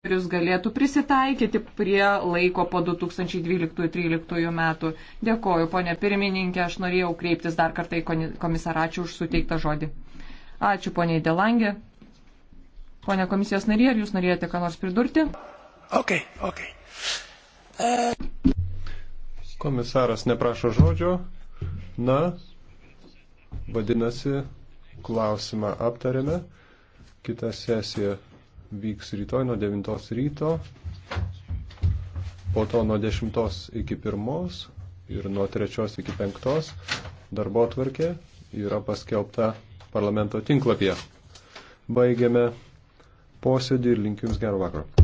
sektorius galėtų prisitaikyti prie laiko po 2012-2013 metų. Dėkoju, ponė pirmininkė, aš norėjau kreiptis dar kartą į komisaračių už suteiktą žodį. Ačiū, ponė Delangė. Pone komisijos narė, ar jūs norėjote ką nors pridurti? Ok, ok. Uh... Komisaras neprašo žodžio. Na, vadinasi, klausimą aptarėme. Kita sesija vyks rytoj nuo 9 ryto, po to nuo 10 iki 1 ir nuo 3 iki 5 darbo tvarkė yra paskelbta parlamento tinklapyje. Baigiame posėdį ir linkiu Jums gerą vakarą.